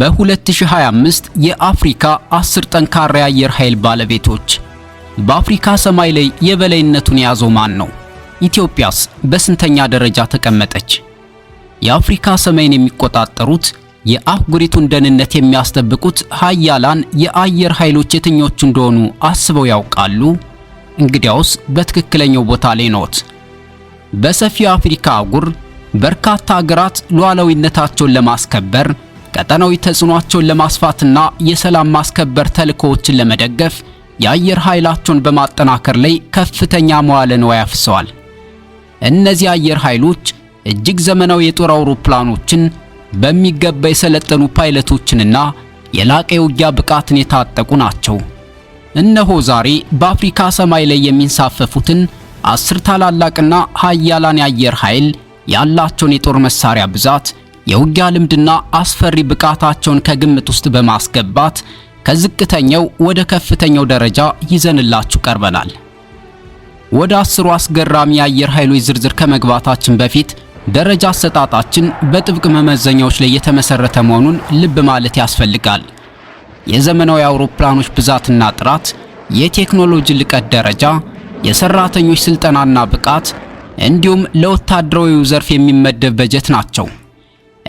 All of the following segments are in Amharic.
በ2025 የአፍሪካ 10 ጠንካራ የአየር ኃይል ባለቤቶች። በአፍሪካ ሰማይ ላይ የበላይነቱን የያዘው ማን ነው? ኢትዮጵያስ በስንተኛ ደረጃ ተቀመጠች? የአፍሪካ ሰማይን የሚቆጣጠሩት የአህጉሪቱን ደህንነት የሚያስጠብቁት ሀያላን የአየር ኃይሎች የትኞቹ እንደሆኑ አስበው ያውቃሉ? እንግዲያውስ በትክክለኛው ቦታ ላይ ነዎት። በሰፊው አፍሪካ አህጉር በርካታ ሀገራት ሉዓላዊነታቸውን ለማስከበር ቀጠናዊ ተጽዕኖአቸውን ለማስፋትና የሰላም ማስከበር ተልእኮዎችን ለመደገፍ የአየር ኃይላቸውን በማጠናከር ላይ ከፍተኛ መዋለ ንዋይ አፍሰዋል። እነዚህ አየር ኃይሎች እጅግ ዘመናዊ የጦር አውሮፕላኖችን በሚገባ የሰለጠኑ ፓይለቶችንና የላቀ የውጊያ ብቃትን የታጠቁ ናቸው። እነሆ ዛሬ በአፍሪካ ሰማይ ላይ የሚንሳፈፉትን አስር ታላላቅና ሀያላን የአየር ኃይል ያላቸውን የጦር መሳሪያ ብዛት የውጊያ ልምድና አስፈሪ ብቃታቸውን ከግምት ውስጥ በማስገባት ከዝቅተኛው ወደ ከፍተኛው ደረጃ ይዘንላችሁ ቀርበናል። ወደ አስሩ አስገራሚ የአየር ኃይሎች ዝርዝር ከመግባታችን በፊት ደረጃ አሰጣጣችን በጥብቅ መመዘኛዎች ላይ የተመሰረተ መሆኑን ልብ ማለት ያስፈልጋል። የዘመናዊ አውሮፕላኖች ብዛትና ጥራት፣ የቴክኖሎጂ ልቀት ደረጃ፣ የሰራተኞች ስልጠናና ብቃት እንዲሁም ለወታደራዊው ዘርፍ የሚመደብ በጀት ናቸው።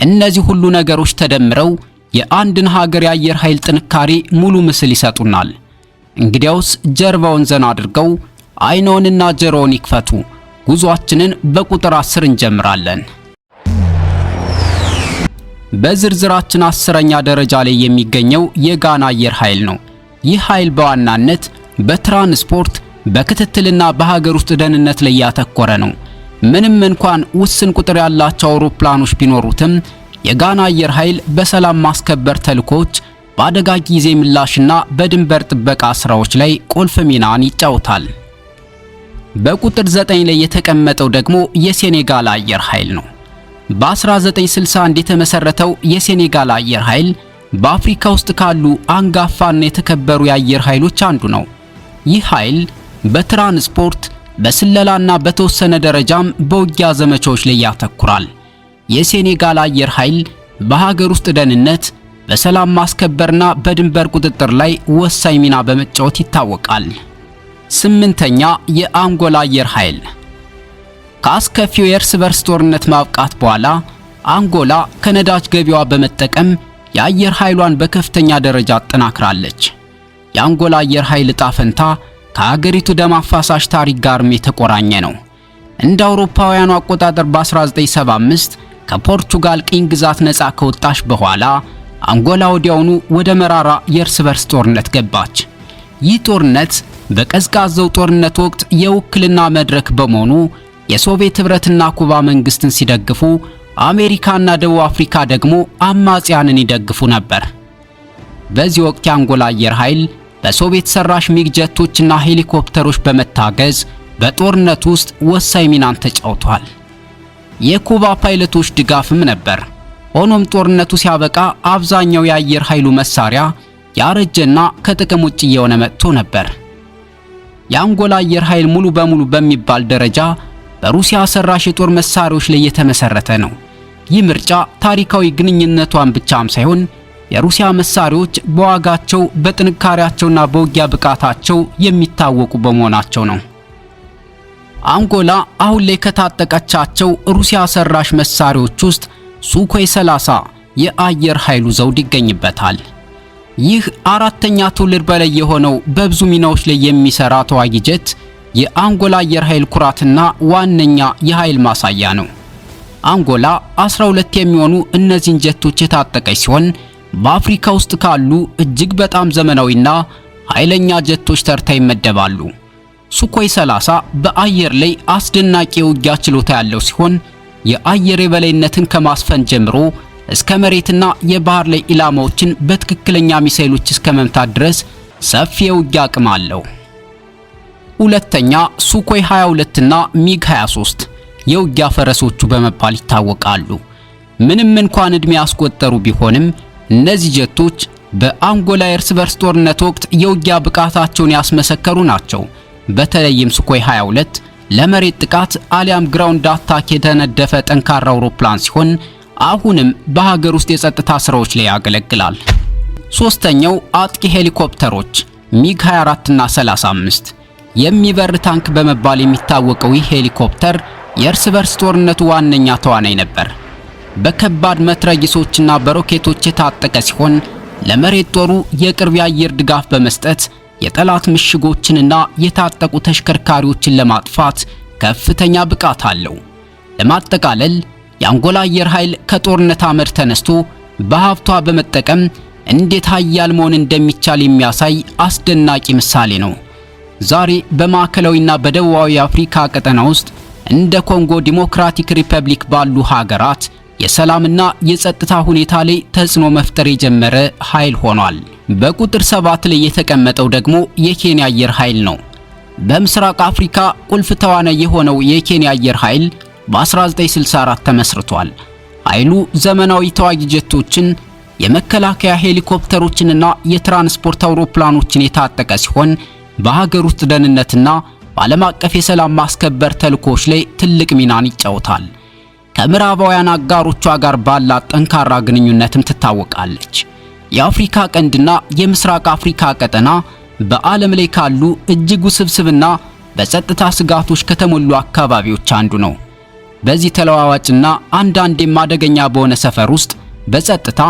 እነዚህ ሁሉ ነገሮች ተደምረው የአንድን ሀገር የአየር ኃይል ጥንካሬ ሙሉ ምስል ይሰጡናል። እንግዲያውስ ጀርባውን ዘና አድርገው አይኖንና ጆሮውን ይክፈቱ። ጉዟችንን በቁጥር አስር እንጀምራለን። በዝርዝራችን አስረኛ ደረጃ ላይ የሚገኘው የጋና አየር ኃይል ነው። ይህ ኃይል በዋናነት በትራንስፖርት በክትትልና በሀገር ውስጥ ደህንነት ላይ ያተኮረ ነው። ምንም እንኳን ውስን ቁጥር ያላቸው አውሮፕላኖች ቢኖሩትም የጋና አየር ኃይል በሰላም ማስከበር ተልኮች በአደጋ ጊዜ ምላሽና በድንበር ጥበቃ ስራዎች ላይ ቁልፍ ሚናን ይጫወታል። በቁጥር 9 ላይ የተቀመጠው ደግሞ የሴኔጋል አየር ኃይል ነው። በ1961 የተመሰረተው የሴኔጋል አየር ኃይል በአፍሪካ ውስጥ ካሉ አንጋፋና የተከበሩ የአየር ኃይሎች አንዱ ነው። ይህ ኃይል በትራንስፖርት በስለላና በተወሰነ ደረጃም በውጊያ ዘመቻዎች ላይ ያተኩራል። የሴኔጋል አየር ኃይል በሀገር ውስጥ ደህንነት፣ በሰላም ማስከበርና በድንበር ቁጥጥር ላይ ወሳኝ ሚና በመጫወት ይታወቃል። ስምንተኛ የአንጎላ አየር ኃይል ከአስከፊው የእርስ በርስ ጦርነት ማብቃት በኋላ አንጎላ ከነዳጅ ገቢዋ በመጠቀም የአየር ኃይሏን በከፍተኛ ደረጃ አጠናክራለች። የአንጎላ አየር ኃይል እጣ ፈንታ ከሀገሪቱ ደም አፋሳሽ ታሪክ ጋርም የተቆራኘ ነው። እንደ አውሮፓውያኑ አቆጣጠር በ1975 ከፖርቹጋል ቅኝ ግዛት ነፃ ከወጣች በኋላ አንጎላ ወዲያውኑ ወደ መራራ የእርስ በርስ ጦርነት ገባች። ይህ ጦርነት በቀዝቃዛው ጦርነት ወቅት የውክልና መድረክ በመሆኑ የሶቪየት ኅብረትና ኩባ መንግስትን ሲደግፉ፣ አሜሪካና ደቡብ አፍሪካ ደግሞ አማጽያንን ይደግፉ ነበር። በዚህ ወቅት የአንጎላ አየር ኃይል በሶቪየት ሰራሽ ሚግ ጀቶችና ሄሊኮፕተሮች በመታገዝ በጦርነቱ ውስጥ ወሳኝ ሚናን ተጫውቷል። የኩባ ፓይለቶች ድጋፍም ነበር። ሆኖም ጦርነቱ ሲያበቃ አብዛኛው የአየር ኃይሉ መሳሪያ ያረጀና ከጥቅም ውጭ እየሆነ መጥቶ ነበር። የአንጎላ አየር ኃይል ሙሉ በሙሉ በሚባል ደረጃ በሩሲያ ሰራሽ የጦር መሳሪያዎች ላይ የተመሰረተ ነው። ይህ ምርጫ ታሪካዊ ግንኙነቷን ብቻም ሳይሆን የሩሲያ መሳሪያዎች በዋጋቸው በጥንካሬያቸውና በውጊያ ብቃታቸው የሚታወቁ በመሆናቸው ነው። አንጎላ አሁን ላይ ከታጠቀቻቸው ሩሲያ ሰራሽ መሳሪያዎች ውስጥ ሱኮይ 30 የአየር ኃይሉ ዘውድ ይገኝበታል። ይህ አራተኛ ትውልድ በላይ የሆነው በብዙ ሚናዎች ላይ የሚሰራ ተዋጊ ጀት የአንጎላ አየር ኃይል ኩራትና ዋነኛ የኃይል ማሳያ ነው። አንጎላ 12 የሚሆኑ እነዚህን ጀቶች የታጠቀች ሲሆን በአፍሪካ ውስጥ ካሉ እጅግ በጣም ዘመናዊና ኃይለኛ ጀቶች ተርታ ይመደባሉ። ሱኮይ 30 በአየር ላይ አስደናቂ የውጊያ ችሎታ ያለው ሲሆን የአየር የበላይነትን ከማስፈን ጀምሮ እስከ መሬትና የባህር ላይ ኢላማዎችን በትክክለኛ ሚሳኤሎች እስከ መምታት ድረስ ሰፊ የውጊያ አቅም አለው። ሁለተኛ ሱኮይ 22 እና ሚግ 23 የውጊያ ፈረሶቹ በመባል ይታወቃሉ። ምንም እንኳን እድሜ ያስቆጠሩ ቢሆንም እነዚህ ጀቶች በአንጎላ የእርስ በርስ ጦርነት ወቅት የውጊያ ብቃታቸውን ያስመሰከሩ ናቸው። በተለይም ስኮይ 22 ለመሬት ጥቃት አሊያም ግራውንድ አታክ የተነደፈ ጠንካራ አውሮፕላን ሲሆን አሁንም በሀገር ውስጥ የጸጥታ ስራዎች ላይ ያገለግላል። ሶስተኛው አጥቂ ሄሊኮፕተሮች ሚግ 24 እና 35 የሚበር ታንክ በመባል የሚታወቀው ይህ ሄሊኮፕተር የእርስ በርስ ጦርነቱ ዋነኛ ተዋናይ ነበር። በከባድ መትረጊሶችና በሮኬቶች የታጠቀ ሲሆን ለመሬት ጦሩ የቅርብ የአየር ድጋፍ በመስጠት የጠላት ምሽጎችንና የታጠቁ ተሽከርካሪዎችን ለማጥፋት ከፍተኛ ብቃት አለው። ለማጠቃለል የአንጎላ አየር ኃይል ከጦርነት አመድ ተነስቶ በሀብቷ በመጠቀም እንዴት ኃያል መሆን እንደሚቻል የሚያሳይ አስደናቂ ምሳሌ ነው። ዛሬ በማዕከላዊና በደቡባዊ አፍሪካ ቀጠና ውስጥ እንደ ኮንጎ ዲሞክራቲክ ሪፐብሊክ ባሉ ሀገራት የሰላምና የጸጥታ ሁኔታ ላይ ተጽዕኖ መፍጠር የጀመረ ኃይል ሆኗል። በቁጥር ሰባት ላይ የተቀመጠው ደግሞ የኬንያ አየር ኃይል ነው። በምስራቅ አፍሪካ ቁልፍ ተዋናይ የሆነው የኬንያ አየር ኃይል በ1964 ተመስርቷል። ኃይሉ ዘመናዊ ተዋጊ ጀቶችን፣ የመከላከያ ሄሊኮፕተሮችንና የትራንስፖርት አውሮፕላኖችን የታጠቀ ሲሆን በሀገር ውስጥ ደህንነትና በዓለም አቀፍ የሰላም ማስከበር ተልእኮዎች ላይ ትልቅ ሚናን ይጫወታል። ከምዕራባውያን አጋሮቿ ጋር ባላት ጠንካራ ግንኙነትም ትታወቃለች። የአፍሪካ ቀንድና የምስራቅ አፍሪካ ቀጠና በዓለም ላይ ካሉ እጅግ ውስብስብና በጸጥታ ስጋቶች ከተሞሉ አካባቢዎች አንዱ ነው። በዚህ ተለዋዋጭና አንዳንዴም አደገኛ በሆነ ሰፈር ውስጥ በጸጥታ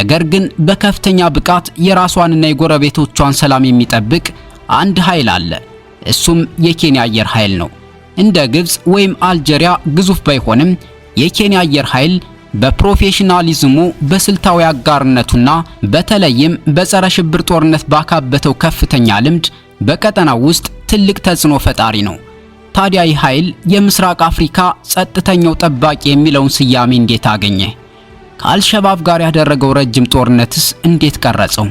ነገር ግን በከፍተኛ ብቃት የራሷንና የጎረቤቶቿን ሰላም የሚጠብቅ አንድ ኃይል አለ። እሱም የኬንያ አየር ኃይል ነው። እንደ ግብጽ ወይም አልጄሪያ ግዙፍ ባይሆንም የኬንያ አየር ኃይል በፕሮፌሽናሊዝሙ በስልታዊ አጋርነቱና በተለይም በጸረ ሽብር ጦርነት ባካበተው ከፍተኛ ልምድ በቀጠናው ውስጥ ትልቅ ተጽዕኖ ፈጣሪ ነው። ታዲያ ይህ ኃይል የምስራቅ አፍሪካ ጸጥተኛው ጠባቂ የሚለውን ስያሜ እንዴት አገኘ? ከአልሸባብ ጋር ያደረገው ረጅም ጦርነትስ እንዴት ቀረጸው?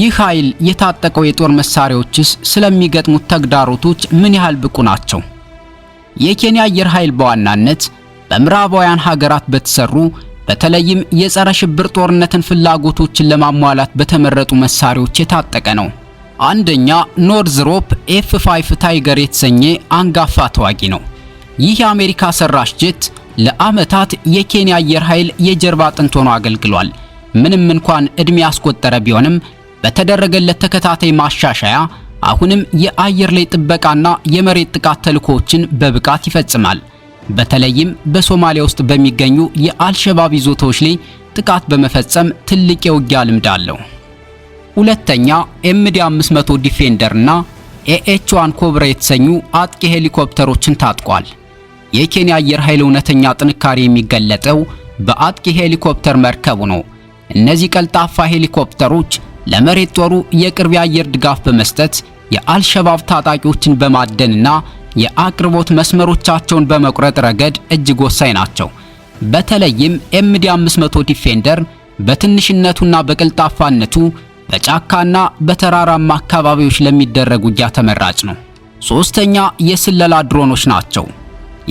ይህ ኃይል የታጠቀው የጦር መሳሪያዎችስ ስለሚገጥሙት ተግዳሮቶች ምን ያህል ብቁ ናቸው? የኬንያ አየር ኃይል በዋናነት በምዕራባውያን ሀገራት በተሰሩ በተለይም የጸረ ሽብር ጦርነትን ፍላጎቶችን ለማሟላት በተመረጡ መሳሪያዎች የታጠቀ ነው። አንደኛ ኖርዝሮፕ ኤፍ 5 ታይገር የተሰኘ አንጋፋ ተዋጊ ነው። ይህ የአሜሪካ ሰራሽ ጄት ለአመታት የኬንያ አየር ኃይል የጀርባ አጥንት ሆኖ አገልግሏል። ምንም እንኳን እድሜ ያስቆጠረ ቢሆንም በተደረገለት ተከታታይ ማሻሻያ አሁንም የአየር ላይ ጥበቃና የመሬት ጥቃት ተልእኮዎችን በብቃት ይፈጽማል። በተለይም በሶማሊያ ውስጥ በሚገኙ የአልሸባብ ይዞታዎች ላይ ጥቃት በመፈጸም ትልቅ የውጊያ ልምድ አለው። ሁለተኛ ኤምዲ 500 ዲፌንደር እና ኤኤች1 ኮብራ የተሰኙ አጥቂ ሄሊኮፕተሮችን ታጥቋል። የኬንያ አየር ኃይል እውነተኛ ጥንካሬ የሚገለጠው በአጥቂ ሄሊኮፕተር መርከቡ ነው። እነዚህ ቀልጣፋ ሄሊኮፕተሮች ለመሬት ጦሩ የቅርብ የአየር ድጋፍ በመስጠት የአልሸባብ ታጣቂዎችን በማደንና የአቅርቦት መስመሮቻቸውን በመቁረጥ ረገድ እጅግ ወሳኝ ናቸው። በተለይም ኤምዲ 500 ዲፌንደር በትንሽነቱና በቅልጣፋነቱ በጫካና በተራራማ አካባቢዎች ለሚደረግ ውጊያ ተመራጭ ነው። ሶስተኛ የስለላ ድሮኖች ናቸው።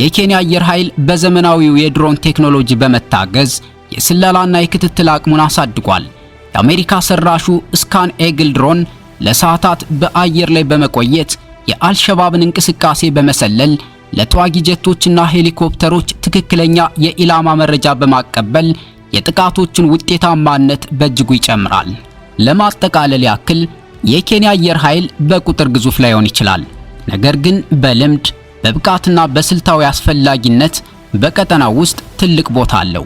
የኬንያ አየር ኃይል በዘመናዊው የድሮን ቴክኖሎጂ በመታገዝ የስለላና የክትትል አቅሙን አሳድጓል። የአሜሪካ ሰራሹ ስካን ኤግል ድሮን ለሰዓታት በአየር ላይ በመቆየት የአልሸባብን እንቅስቃሴ በመሰለል ለተዋጊ ጀቶችና ሄሊኮፕተሮች ትክክለኛ የኢላማ መረጃ በማቀበል የጥቃቶቹን ውጤታማነት በእጅጉ ይጨምራል። ለማጠቃለል ያክል የኬንያ አየር ኃይል በቁጥር ግዙፍ ላይሆን ይችላል፣ ነገር ግን በልምድ በብቃትና በስልታዊ አስፈላጊነት በቀጠናው ውስጥ ትልቅ ቦታ አለው።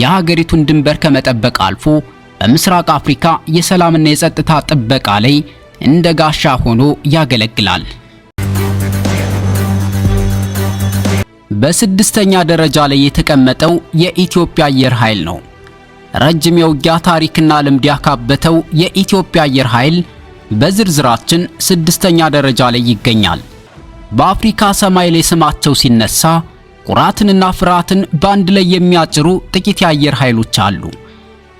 የሀገሪቱን ድንበር ከመጠበቅ አልፎ በምስራቅ አፍሪካ የሰላምና የጸጥታ ጥበቃ ላይ እንደ ጋሻ ሆኖ ያገለግላል። በስድስተኛ ደረጃ ላይ የተቀመጠው የኢትዮጵያ አየር ኃይል ነው። ረጅም የውጊያ ታሪክና ልምድ ያካበተው የኢትዮጵያ አየር ኃይል በዝርዝራችን ስድስተኛ ደረጃ ላይ ይገኛል። በአፍሪካ ሰማይ ላይ ስማቸው ሲነሳ ኩራትንና ፍርሃትን በአንድ ላይ የሚያጭሩ ጥቂት የአየር ኃይሎች አሉ።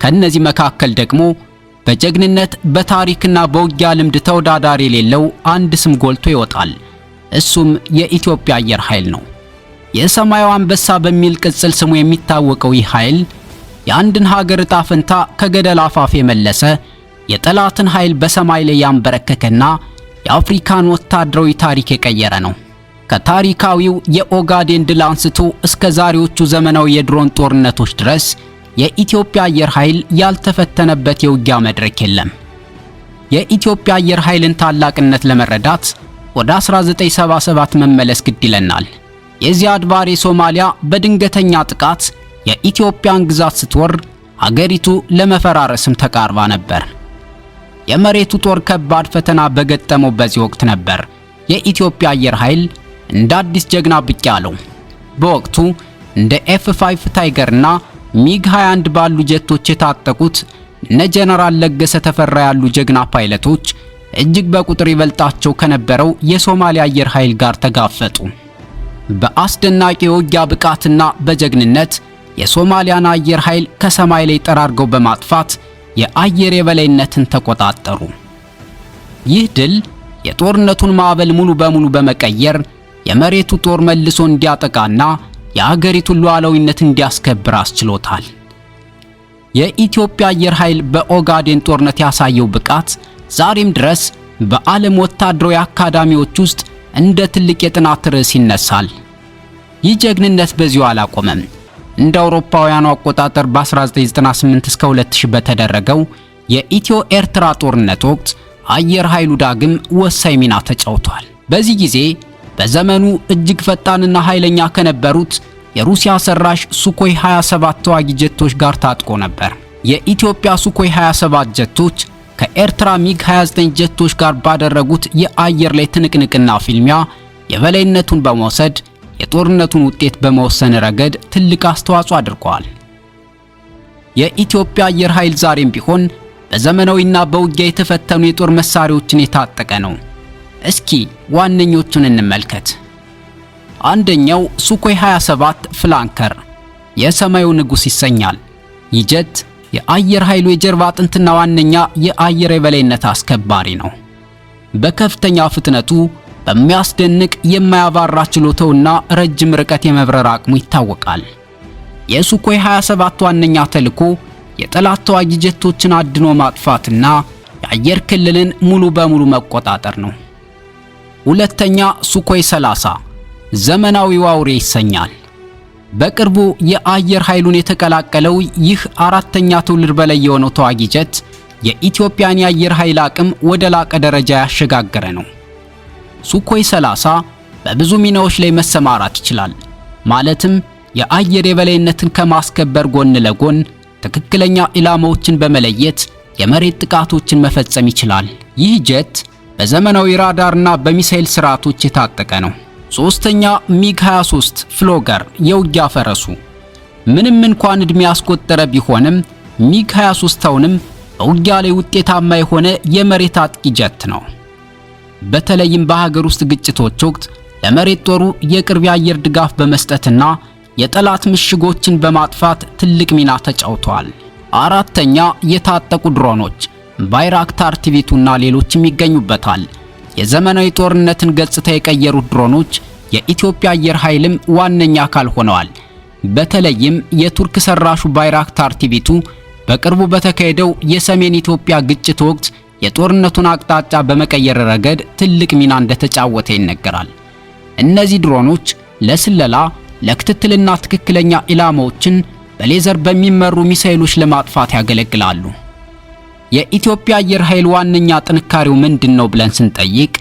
ከእነዚህ መካከል ደግሞ በጀግንነት በታሪክና በውጊያ ልምድ ተወዳዳሪ የሌለው አንድ ስም ጎልቶ ይወጣል። እሱም የኢትዮጵያ አየር ኃይል ነው። የሰማዩ አንበሳ በሚል ቅጽል ስሙ የሚታወቀው ይህ ኃይል የአንድን ሀገር ዕጣ ፈንታ ከገደል አፋፍ የመለሰ የጠላትን ኃይል በሰማይ ላይ ያንበረከከና የአፍሪካን ወታደራዊ ታሪክ የቀየረ ነው። ከታሪካዊው የኦጋዴን ድል አንስቶ እስከ ዛሬዎቹ ዘመናዊ የድሮን ጦርነቶች ድረስ የኢትዮጵያ አየር ኃይል ያልተፈተነበት የውጊያ መድረክ የለም። የኢትዮጵያ አየር ኃይልን ታላቅነት ለመረዳት ወደ 1977 መመለስ ግድ ይለናል። የዚያ ባሬ ሶማሊያ በድንገተኛ ጥቃት የኢትዮጵያን ግዛት ስትወር አገሪቱ ለመፈራረስም ተቃርባ ነበር። የመሬቱ ጦር ከባድ ፈተና በገጠመው በዚህ ወቅት ነበር የኢትዮጵያ አየር ኃይል እንደ አዲስ ጀግና ብቅ ያለው። በወቅቱ እንደ ኤፍ5 ታይገርና ሚግ 21 ባሉ ጀቶች የታጠቁት እነ ጀነራል ለገሰ ተፈራ ያሉ ጀግና ፓይለቶች እጅግ በቁጥር ይበልጣቸው ከነበረው የሶማሊያ አየር ኃይል ጋር ተጋፈጡ። በአስደናቂ የውጊያ ብቃትና በጀግንነት የሶማሊያን አየር ኃይል ከሰማይ ላይ ጠራርገው በማጥፋት የአየር የበላይነትን ተቆጣጠሩ። ይህ ድል የጦርነቱን ማዕበል ሙሉ በሙሉ በመቀየር የመሬቱ ጦር መልሶ እንዲያጠቃና የአገሪቱን ሉዓላዊነት እንዲያስከብር አስችሎታል። የኢትዮጵያ አየር ኃይል በኦጋዴን ጦርነት ያሳየው ብቃት ዛሬም ድረስ በዓለም ወታደራዊ አካዳሚዎች ውስጥ እንደ ትልቅ የጥናት ርዕስ ይነሳል። ይህ ጀግንነት በዚሁ አላቆመም። እንደ አውሮፓውያኑ አቆጣጠር በ1998 እስከ 2000 በተደረገው የኢትዮ ኤርትራ ጦርነት ወቅት አየር ኃይሉ ዳግም ወሳኝ ሚና ተጫውቷል። በዚህ ጊዜ በዘመኑ እጅግ ፈጣንና ኃይለኛ ከነበሩት የሩሲያ ሰራሽ ሱኮይ 27 ተዋጊ ጀቶች ጋር ታጥቆ ነበር። የኢትዮጵያ ሱኮይ 27 ጀቶች ከኤርትራ ሚግ 29 ጀቶች ጋር ባደረጉት የአየር ላይ ትንቅንቅና ፊልሚያ የበላይነቱን በመውሰድ የጦርነቱን ውጤት በመወሰን ረገድ ትልቅ አስተዋጽኦ አድርገዋል። የኢትዮጵያ አየር ኃይል ዛሬም ቢሆን በዘመናዊና በውጊያ የተፈተኑ የጦር መሳሪያዎችን የታጠቀ ነው። እስኪ ዋነኞቹን እንመልከት። አንደኛው ሱኮይ 27 ፍላንከር የሰማዩ ንጉስ ይሰኛል። ይህ ጀት የአየር ኃይሉ የጀርባ አጥንትና ዋነኛ የአየር የበላይነት አስከባሪ ነው። በከፍተኛ ፍጥነቱ በሚያስደንቅ የማያባራ ችሎታውና ረጅም ርቀት የመብረር አቅሙ ይታወቃል። የሱኮይ 27 ዋነኛ ተልዕኮ የጠላት ተዋጊ ጀቶችን አድኖ ማጥፋትና የአየር ክልልን ሙሉ በሙሉ መቆጣጠር ነው። ሁለተኛ ሱኮይ 30 ዘመናዊው አውሬ ይሰኛል። በቅርቡ የአየር ኃይሉን የተቀላቀለው ይህ አራተኛ ትውልድ በላይ የሆነው ተዋጊ ጀት የኢትዮጵያን የአየር ኃይል አቅም ወደ ላቀ ደረጃ ያሸጋገረ ነው። ሱኮይ 30 በብዙ ሚናዎች ላይ መሰማራት ይችላል። ማለትም የአየር የበላይነትን ከማስከበር ጎን ለጎን ትክክለኛ ኢላማዎችን በመለየት የመሬት ጥቃቶችን መፈጸም ይችላል። ይህ ጀት በዘመናዊ ራዳርና በሚሳኤል ስርዓቶች የታጠቀ ነው። ሶስተኛ ሚግ 23 ፍሎገር የውጊያ ፈረሱ ምንም እንኳን እድሜ ያስቆጠረ ቢሆንም ሚግ 23 አሁንም በውጊያ ላይ ውጤታማ የሆነ የመሬት አጥቂ ጀት ነው። በተለይም በሀገር ውስጥ ግጭቶች ወቅት ለመሬት ጦሩ የቅርብ የአየር ድጋፍ በመስጠትና የጠላት ምሽጎችን በማጥፋት ትልቅ ሚና ተጫውተዋል። አራተኛ የታጠቁ ድሮኖች ባይራክታር ቲቪቱና ሌሎችም ይገኙበታል። የዘመናዊ ጦርነትን ገጽታ የቀየሩት ድሮኖች የኢትዮጵያ አየር ኃይልም ዋነኛ አካል ሆነዋል። በተለይም የቱርክ ሰራሹ ባይራክታር ቲቪቱ በቅርቡ በተካሄደው የሰሜን ኢትዮጵያ ግጭት ወቅት የጦርነቱን አቅጣጫ በመቀየር ረገድ ትልቅ ሚና እንደተጫወተ ይነገራል። እነዚህ ድሮኖች ለስለላ፣ ለክትትልና ትክክለኛ ኢላማዎችን በሌዘር በሚመሩ ሚሳኤሎች ለማጥፋት ያገለግላሉ። የኢትዮጵያ አየር ኃይል ዋነኛ ጥንካሬው ምንድነው ብለን ስንጠይቅ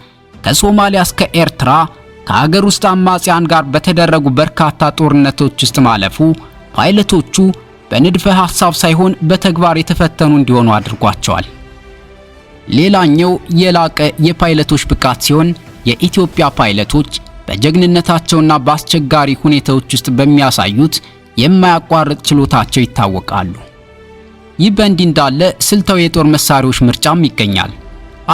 ከሶማሊያ እስከ ኤርትራ ከሀገር ውስጥ አማጽያን ጋር በተደረጉ በርካታ ጦርነቶች ውስጥ ማለፉ ፓይለቶቹ በንድፈ ሐሳብ ሳይሆን በተግባር የተፈተኑ እንዲሆኑ አድርጓቸዋል። ሌላኛው የላቀ የፓይለቶች ብቃት ሲሆን የኢትዮጵያ ፓይለቶች በጀግንነታቸውና በአስቸጋሪ ሁኔታዎች ውስጥ በሚያሳዩት የማያቋርጥ ችሎታቸው ይታወቃሉ። ይህ በእንዲህ እንዳለ ስልታዊ የጦር መሳሪያዎች ምርጫም ይገኛል።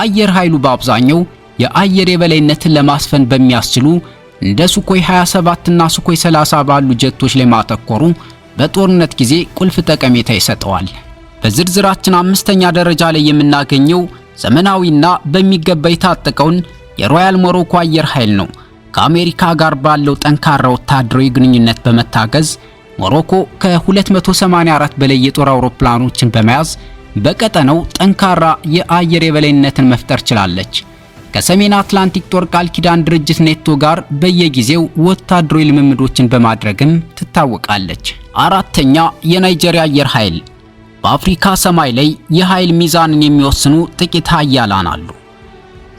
አየር ኃይሉ በአብዛኛው የአየር የበላይነትን ለማስፈን በሚያስችሉ እንደ ሱኮይ 27 እና ሱኮይ 30 ባሉ ጀቶች ላይ ማተኮሩ በጦርነት ጊዜ ቁልፍ ጠቀሜታ ይሰጠዋል። በዝርዝራችን አምስተኛ ደረጃ ላይ የምናገኘው ዘመናዊና በሚገባ የታጠቀውን የሮያል ሞሮኮ አየር ኃይል ነው። ከአሜሪካ ጋር ባለው ጠንካራ ወታደራዊ ግንኙነት በመታገዝ ሞሮኮ ከ284 በላይ የጦር አውሮፕላኖችን በመያዝ በቀጠነው ጠንካራ የአየር የበላይነትን መፍጠር ችላለች። ከሰሜን አትላንቲክ ጦር ቃል ኪዳን ድርጅት ኔቶ ጋር በየጊዜው ወታደራዊ ልምምዶችን በማድረግም ትታወቃለች። አራተኛ የናይጄሪያ አየር ኃይል። በአፍሪካ ሰማይ ላይ የኃይል ሚዛንን የሚወስኑ ጥቂት ኃያላን አሉ።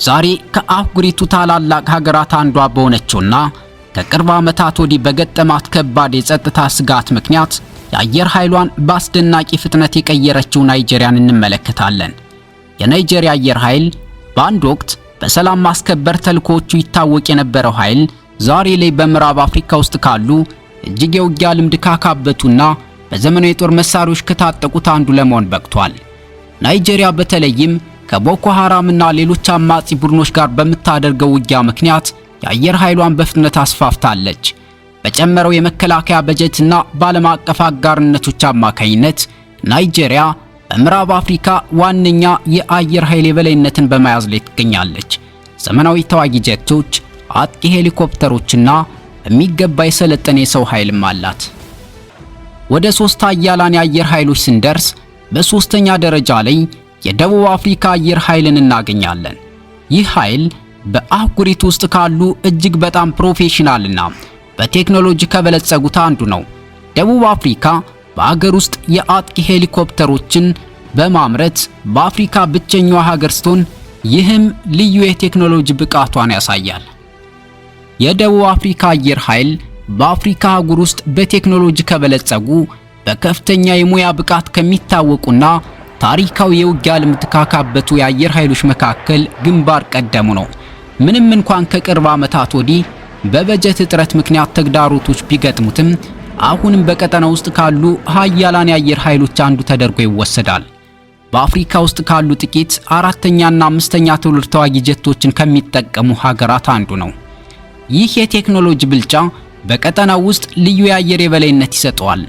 ዛሬ ከአህጉሪቱ ታላላቅ ሀገራት አንዷ በሆነችውና ከቅርብ ዓመታት ወዲህ በገጠማት ከባድ የጸጥታ ስጋት ምክንያት የአየር ኃይሏን በአስደናቂ ፍጥነት የቀየረችው ናይጄሪያን እንመለከታለን። የናይጄሪያ አየር ኃይል በአንድ ወቅት በሰላም ማስከበር ተልኮቹ ይታወቅ የነበረው ኃይል ዛሬ ላይ በምዕራብ አፍሪካ ውስጥ ካሉ እጅግ የውጊያ ልምድ ካካበቱና በዘመናዊ የጦር መሳሪያዎች ከታጠቁት አንዱ ለመሆን በቅቷል። ናይጄሪያ በተለይም ከቦኮ ሐራምና ሌሎች አማጺ ቡድኖች ጋር በምታደርገው ውጊያ ምክንያት የአየር ኃይሏን በፍጥነት አስፋፍታለች። በጨመረው የመከላከያ በጀትና በዓለም አቀፍ አጋርነቶች አማካኝነት ናይጄሪያ በምዕራብ አፍሪካ ዋነኛ የአየር ኃይል የበላይነትን በመያዝ ላይ ትገኛለች። ዘመናዊ ተዋጊ ጀቶች፣ አጥቂ ሄሊኮፕተሮችና በሚገባ የሰለጠነ የሰው ኃይልም አላት። ወደ ሶስት አያላን የአየር ኃይሎች ስንደርስ በሶስተኛ ደረጃ ላይ የደቡብ አፍሪካ አየር ኃይልን እናገኛለን። ይህ ኃይል በአህጉሪቱ ውስጥ ካሉ እጅግ በጣም ፕሮፌሽናልና በቴክኖሎጂ ከበለጸጉት አንዱ ነው። ደቡብ አፍሪካ በአገር ውስጥ የአጥቂ ሄሊኮፕተሮችን በማምረት በአፍሪካ ብቸኛዋ ሀገር ስትሆን ይህም ልዩ የቴክኖሎጂ ብቃቷን ያሳያል። የደቡብ አፍሪካ አየር ኃይል በአፍሪካ አህጉር ውስጥ በቴክኖሎጂ ከበለጸጉ በከፍተኛ የሙያ ብቃት ከሚታወቁና ታሪካዊ የውጊያ ልምድ ካካበቱ የአየር ኃይሎች መካከል ግንባር ቀደሙ ነው። ምንም እንኳን ከቅርብ ዓመታት ወዲህ በበጀት እጥረት ምክንያት ተግዳሮቶች ቢገጥሙትም አሁንም በቀጠና ውስጥ ካሉ ሀያላን የአየር ኃይሎች አንዱ ተደርጎ ይወሰዳል። በአፍሪካ ውስጥ ካሉ ጥቂት አራተኛና አምስተኛ ትውልድ ተዋጊ ጀቶችን ከሚጠቀሙ ሀገራት አንዱ ነው። ይህ የቴክኖሎጂ ብልጫ በቀጠናው ውስጥ ልዩ የአየር የበላይነት ይሰጠዋል።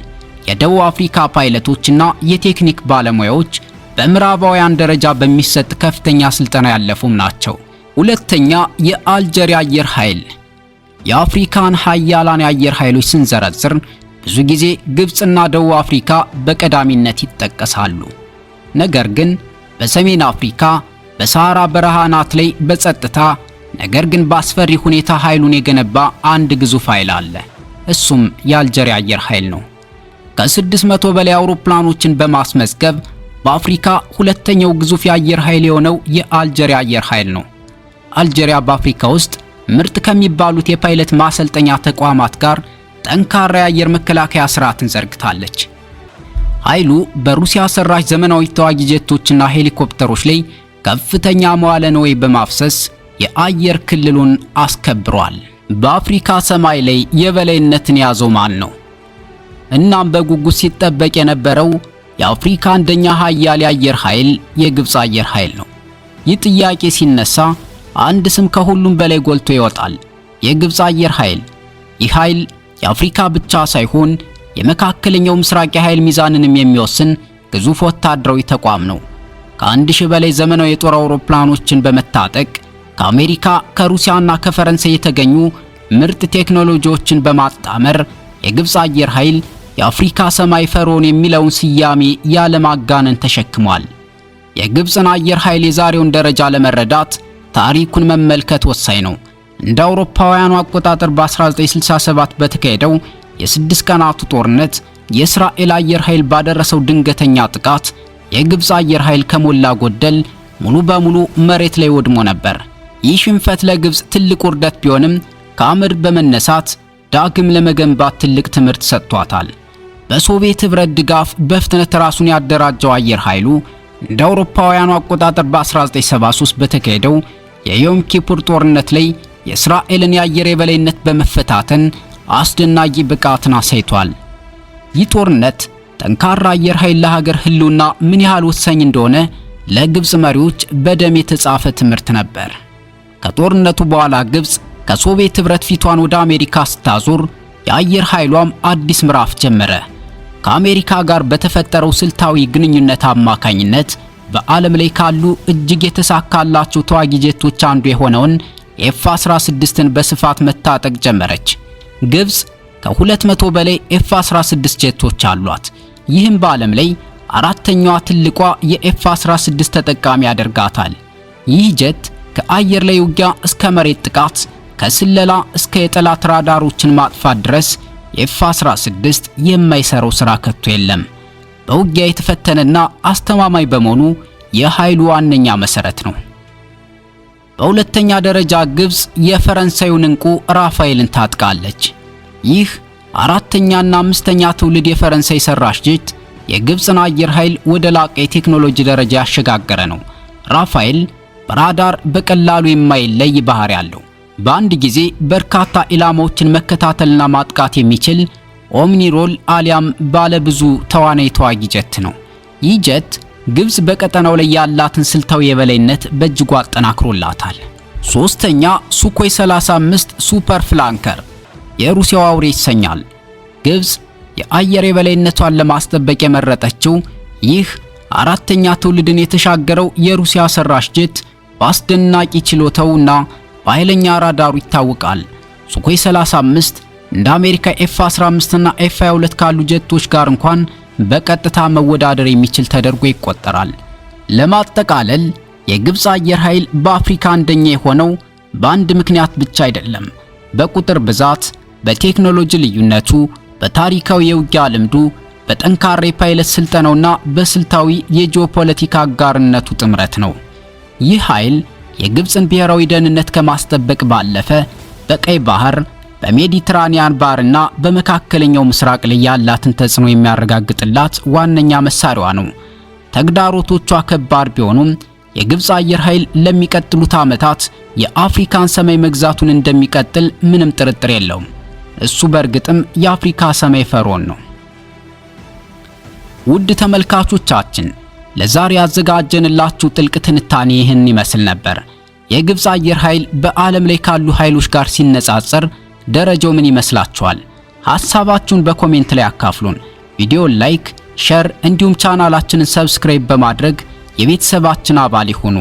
የደቡብ አፍሪካ ፓይለቶችና የቴክኒክ ባለሙያዎች በምዕራባውያን ደረጃ በሚሰጥ ከፍተኛ ስልጠና ያለፉም ናቸው። ሁለተኛ የአልጀሪያ አየር ኃይል። የአፍሪካን ሀያላን የአየር ኃይሎች ስንዘረዝር ብዙ ጊዜ ግብጽና ደቡብ አፍሪካ በቀዳሚነት ይጠቀሳሉ። ነገር ግን በሰሜን አፍሪካ በሰሃራ በረሃ ላይ በጸጥታ ነገር ግን በአስፈሪ ሁኔታ ኃይሉን የገነባ አንድ ግዙፍ ኃይል አለ። እሱም የአልጀሪያ አየር ኃይል ነው። ከ መቶ በላይ አውሮፕላኖችን በማስመዝገብ በአፍሪካ ሁለተኛው ግዙፍ የአየር ኃይል የሆነው የአልጀሪያ አየር ኃይል ነው። አልጄሪያ በአፍሪካ ውስጥ ምርጥ ከሚባሉት የፓይለት ማሰልጠኛ ተቋማት ጋር ጠንካራ የአየር መከላከያ ስርዓትን ዘርግታለች። ኃይሉ በሩሲያ ሰራሽ ዘመናዊ ተዋጊ ጀቶችና ሄሊኮፕተሮች ላይ ከፍተኛ መዋለ ንዋይ በማፍሰስ የአየር ክልሉን አስከብሯል። በአፍሪካ ሰማይ ላይ የበላይነትን የያዘው ማን ነው? እናም በጉጉት ሲጠበቅ የነበረው የአፍሪካ አንደኛ ኃያል የአየር ኃይል የግብፅ አየር ኃይል ነው። ይህ ጥያቄ ሲነሳ አንድ ስም ከሁሉም በላይ ጎልቶ ይወጣል፤ የግብፅ አየር ኃይል። ይህ ኃይል የአፍሪካ ብቻ ሳይሆን የመካከለኛው ምስራቅ የኃይል ሚዛንንም የሚወስን ግዙፍ ወታደራዊ ተቋም ነው። ከአንድ ሺህ በላይ ዘመናዊ የጦር አውሮፕላኖችን በመታጠቅ ከአሜሪካ ከሩሲያና ከፈረንሳይ የተገኙ ምርጥ ቴክኖሎጂዎችን በማጣመር የግብፅ አየር ኃይል የአፍሪካ ሰማይ ፈርዖን የሚለውን ስያሜ ያለማጋነን ተሸክሟል። የግብፅን አየር ኃይል የዛሬውን ደረጃ ለመረዳት ታሪኩን መመልከት ወሳኝ ነው። እንደ አውሮፓውያኑ አቆጣጠር በ1967 በተካሄደው የስድስት ቀናቱ ጦርነት የእስራኤል አየር ኃይል ባደረሰው ድንገተኛ ጥቃት የግብፅ አየር ኃይል ከሞላ ጎደል ሙሉ በሙሉ መሬት ላይ ወድሞ ነበር። ይህ ሽንፈት ለግብፅ ትልቅ ውርደት ቢሆንም ከአመድ በመነሳት ዳግም ለመገንባት ትልቅ ትምህርት ሰጥቷታል። በሶቪየት ኅብረት ድጋፍ በፍጥነት ራሱን ያደራጀው አየር ኃይሉ እንደ አውሮፓውያኑ አቆጣጠር በ1973 በተካሄደው የዮም ኪፑር ጦርነት ላይ የእስራኤልን የአየር የበላይነት በመፈታተን አስደናቂ ብቃትን አሳይቷል። ይህ ጦርነት ጠንካራ አየር ኃይል ለሀገር ህልውና ምን ያህል ወሳኝ እንደሆነ ለግብፅ መሪዎች በደም የተጻፈ ትምህርት ነበር። ከጦርነቱ በኋላ ግብፅ ከሶቪየት ኅብረት ፊቷን ወደ አሜሪካ ስታዞር የአየር ኃይሏም አዲስ ምዕራፍ ጀመረ። ከአሜሪካ ጋር በተፈጠረው ስልታዊ ግንኙነት አማካኝነት በዓለም ላይ ካሉ እጅግ የተሳካላቸው ተዋጊ ጀቶች አንዱ የሆነውን ኤፍ 16ን በስፋት መታጠቅ ጀመረች። ግብጽ ከ200 በላይ ኤፍ 16 ጀቶች አሏት። ይህም በዓለም ላይ አራተኛዋ ትልቋ የኤፍ 16 ተጠቃሚ ያደርጋታል። ይህ ጀት ከአየር ላይ ውጊያ እስከ መሬት ጥቃት፣ ከስለላ እስከ የጠላት ራዳሮችን ማጥፋት ድረስ ኤፍ 16 የማይሰራው ስራ ከቶ የለም። በውጊያ የተፈተነና አስተማማኝ በመሆኑ የኃይሉ ዋነኛ መሰረት ነው። በሁለተኛ ደረጃ ግብጽ የፈረንሳዩን እንቁ ራፋኤልን ታጥቃለች። ይህ አራተኛና አምስተኛ ትውልድ የፈረንሳይ ሰራሽ ጀት የግብጽን አየር ኃይል ወደ ላቀ የቴክኖሎጂ ደረጃ ያሸጋገረ ነው። ራፋኤል በራዳር በቀላሉ የማይለይ ባህሪ አለው። በአንድ ጊዜ በርካታ ኢላማዎችን መከታተልና ማጥቃት የሚችል ኦምኒሮል አሊያም ባለ ብዙ ተዋናይ ተዋጊ ጀት ነው። ይህ ጀት ግብጽ በቀጠናው ላይ ያላትን ስልታዊ የበላይነት በእጅጉ አጠናክሮላታል። ሶስተኛ ሱኮይ 35 ሱፐር ፍላንከር የሩሲያው አውሬ ይሰኛል። ግብጽ የአየር የበላይነቷን ለማስጠበቅ የመረጠችው ይህ አራተኛ ትውልድን የተሻገረው የሩሲያ ሰራሽ ጀት በአስደናቂ ችሎታውና በኃይለኛ ራዳሩ ይታወቃል። ሱኮይ 35 እንደ አሜሪካ ኤፍ 15 እና ኤፍ 22 ካሉ ጀቶች ጋር እንኳን በቀጥታ መወዳደር የሚችል ተደርጎ ይቆጠራል። ለማጠቃለል የግብፅ አየር ኃይል በአፍሪካ አንደኛ የሆነው በአንድ ምክንያት ብቻ አይደለም። በቁጥር ብዛት፣ በቴክኖሎጂ ልዩነቱ፣ በታሪካዊ የውጊያ ልምዱ፣ በጠንካራ የፓይለት ስልጠናውና በስልታዊ የጂኦፖለቲካ አጋርነቱ ጥምረት ነው። ይህ ኃይል የግብፅን ብሔራዊ ደህንነት ከማስጠበቅ ባለፈ በቀይ ባህር በሜዲትራኒያን ባህርና በመካከለኛው ምስራቅ ላይ ያላትን ተጽዕኖ የሚያረጋግጥላት ዋነኛ መሳሪያዋ ነው። ተግዳሮቶቿ ከባድ ቢሆኑም የግብፅ አየር ኃይል ለሚቀጥሉት ዓመታት የአፍሪካን ሰማይ መግዛቱን እንደሚቀጥል ምንም ጥርጥር የለውም። እሱ በእርግጥም የአፍሪካ ሰማይ ፈርዖን ነው። ውድ ተመልካቾቻችን ለዛሬ ያዘጋጀንላችሁ ጥልቅ ትንታኔ ይህን ይመስል ነበር። የግብፅ አየር ኃይል በዓለም ላይ ካሉ ኃይሎች ጋር ሲነጻጸር ደረጃው ምን ይመስላችኋል? ሐሳባችሁን በኮሜንት ላይ አካፍሉን። ቪዲዮን ላይክ፣ ሼር እንዲሁም ቻናላችንን ሰብስክራይብ በማድረግ የቤተሰባችን አባል ይሁኑ።